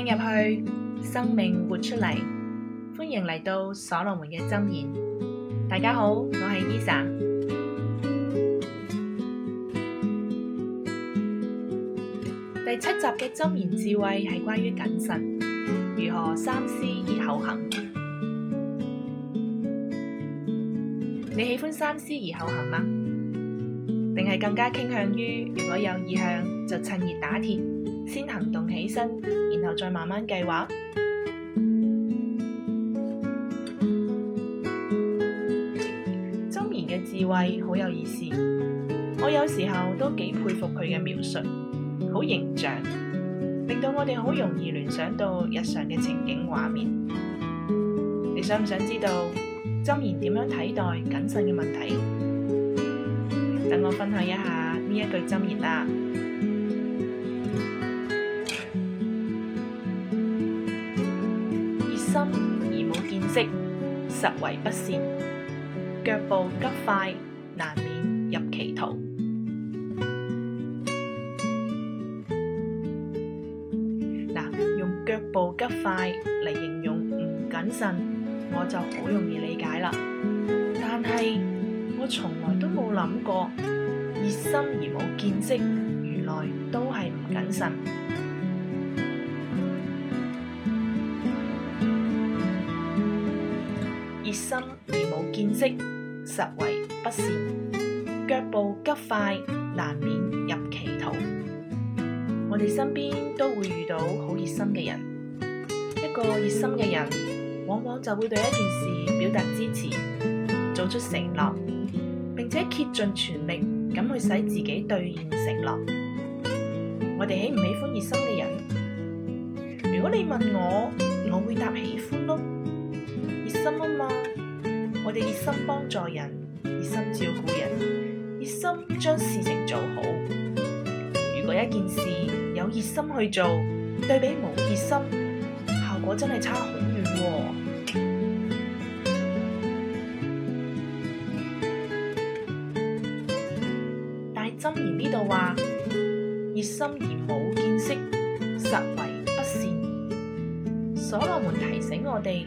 聽入去，生命活出嚟。歡迎嚟到所羅門嘅箴言。大家好，我係伊莎。第七集嘅箴言智慧係關於謹慎，如何三思而後行。你喜歡三思而後行嗎？定係更加傾向於如果有意向就趁熱打鐵，先行動起身。再慢慢計劃。箴言嘅智慧好有意思，我有時候都幾佩服佢嘅描述，好形象，令到我哋好容易聯想到日常嘅情景畫面。你想唔想知道箴言點樣睇待謹慎嘅問題？等我分享一下呢一句箴言啦。心而冇見識，實為不善；腳步急快，難免入歧途。嗱，用腳步急快嚟形容唔謹慎，我就好容易理解啦。但係我從來都冇諗過，熱心而冇見識，原來都係唔謹慎。熱心而冇見識，實為不善；腳步急快，難免入歧途。我哋身邊都會遇到好熱心嘅人，一個熱心嘅人，往往就會對一件事表達支持，做出承諾，並且竭盡全力咁去使自己兌現承諾。我哋喜唔喜歡熱心嘅人？如果你問我，我會答喜歡咯。心啊嘛，我哋熱心幫助人，熱心照顧人，熱心將事情做好。如果一件事有熱心去做，對比冇熱心，效果真係差好遠啊。但係《箴言》呢度話，熱心而冇見識，實為不善。所羅門提醒我哋。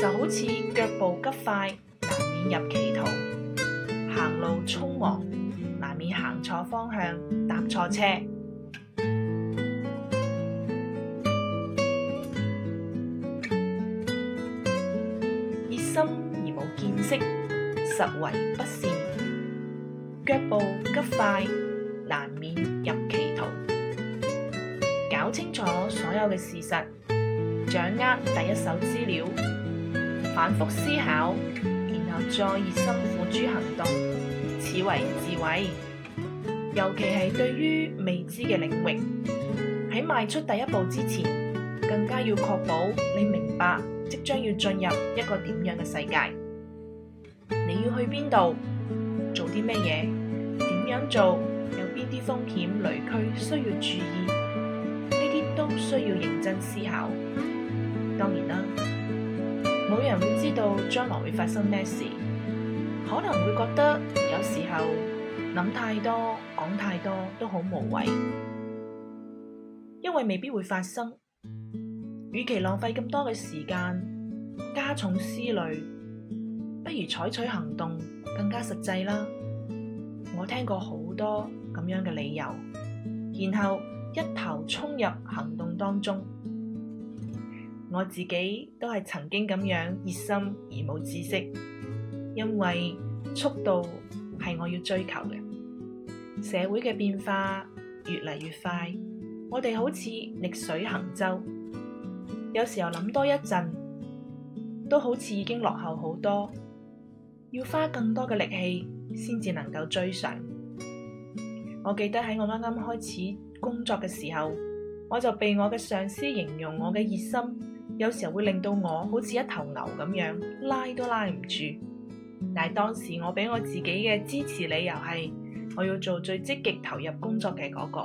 就好似腳步急快，難免入歧途；行路匆忙，難免行錯方向、搭錯車。熱心而冇見識，實為不善；腳步急快，難免入歧途。搞清楚所有嘅事實，掌握第一手資料。反覆思考，然後再熱心付諸行動，此為智慧。尤其係對於未知嘅領域，喺邁出第一步之前，更加要確保你明白即將要進入一個點樣嘅世界。你要去邊度，做啲咩嘢，點樣做，有邊啲風險雷區需要注意，呢啲都需要認真思考。當然啦、啊。冇人會知道將來會發生咩事，可能會覺得有時候諗太多、講太多都好無謂，因為未必會發生。與其浪費咁多嘅時間，加重思慮，不如採取行動更加實際啦。我聽過好多咁樣嘅理由，然後一頭衝入行動當中。我自己都係曾經咁樣熱心而冇知識，因為速度係我要追求嘅。社會嘅變化越嚟越快，我哋好似逆水行舟，有時候諗多一陣，都好似已經落後好多，要花更多嘅力氣先至能夠追上。我記得喺我啱啱開始工作嘅時候，我就被我嘅上司形容我嘅熱心。有時候會令到我好似一頭牛咁樣，拉都拉唔住。但係當時我俾我自己嘅支持理由係，我要做最積極投入工作嘅嗰、那個。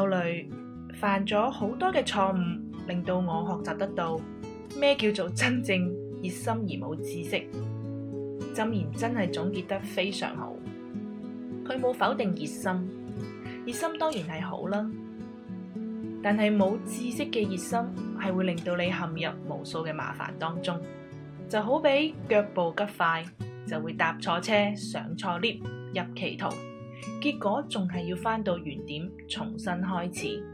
後來犯咗好多嘅錯誤，令到我學習得到咩叫做真正熱心而冇知識。箴言真係總結得非常好。佢冇否定熱心，熱心當然係好啦，但係冇知識嘅熱心。係會令到你陷入無數嘅麻煩當中，就好比腳步急快就會搭錯車、上錯 lift、入歧途，結果仲係要翻到原點重新開始。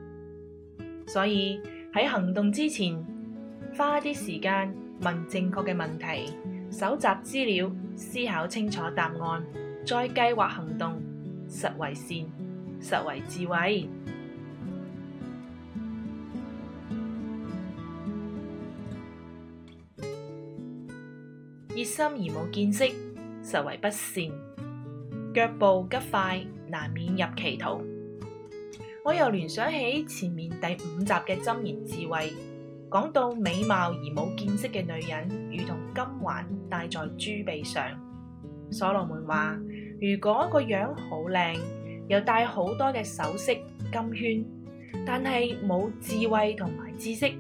所以喺行動之前，花一啲時間問正確嘅問題，搜集資料，思考清楚答案，再計劃行動。實為善，實為智慧。熱心而冇見識，實為不善；腳步急快，難免入歧途。我又聯想起前面第五集嘅箴言智慧，講到美貌而冇見識嘅女人，如同金環戴在豬鼻上。所羅門話：如果個樣好靚，又戴好多嘅首飾金圈，但係冇智慧同埋知識，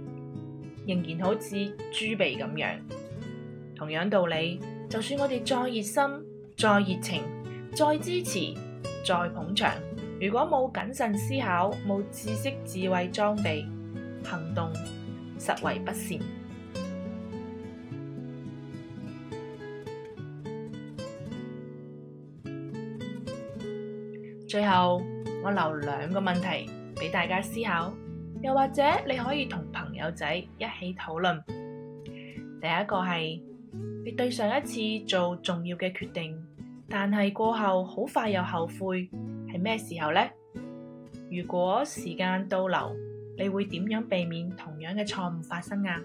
仍然好似豬鼻咁樣。同樣道理，就算我哋再熱心、再熱情、再支持、再捧場，如果冇謹慎思考、冇知識智慧裝備，行動實為不善。 最後，我留兩個問題俾大家思考，又或者你可以同朋友仔一起討論。第一個係。你對上一次做重要嘅決定，但係過後好快又後悔，係咩時候呢？如果時間倒流，你會點樣避免同樣嘅錯誤發生啊？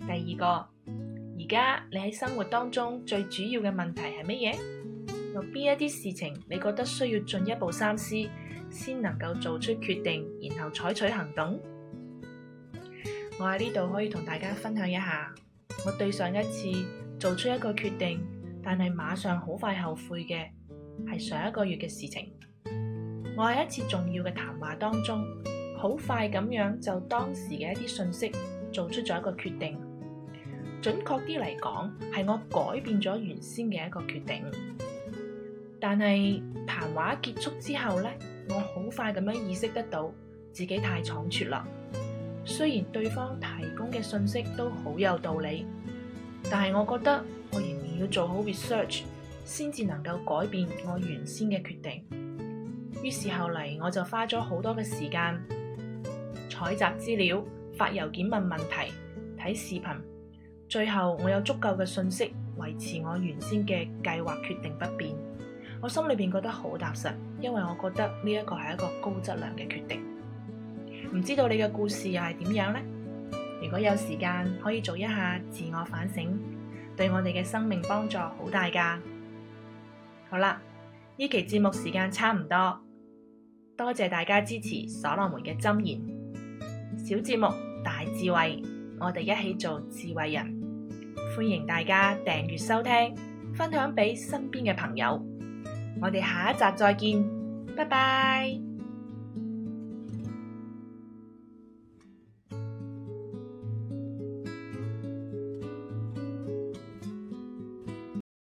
第二個，而家你喺生活當中最主要嘅問題係乜嘢？有邊一啲事情你覺得需要進一步三思，先能夠做出決定，然後採取行動？我喺呢度可以同大家分享一下。我對上一次做出一個決定，但係馬上好快後悔嘅，係上一個月嘅事情。我喺一次重要嘅談話當中，好快咁樣就當時嘅一啲信息做出咗一個決定。準確啲嚟講，係我改變咗原先嘅一個決定。但係談話結束之後咧，我好快咁樣意識得到自己太莽促倉促啦。雖然對方提供嘅信息都好有道理，但係我覺得我仍然要做好 research，先至能夠改變我原先嘅決定。於是後嚟我就花咗好多嘅時間採集資料、發郵件問問題、睇視頻，最後我有足夠嘅信息維持我原先嘅計劃決定不變。我心裏邊覺得好踏實，因為我覺得呢一個係一個高質量嘅決定。唔知道你嘅故事又係點樣呢？如果有時間，可以做一下自我反省，對我哋嘅生命幫助好大噶。好啦，呢期節目時間差唔多，多謝大家支持《所羅門嘅箴言》，小節目，大智慧，我哋一起做智慧人。歡迎大家訂閱收聽，分享俾身邊嘅朋友。我哋下一集再見，拜拜。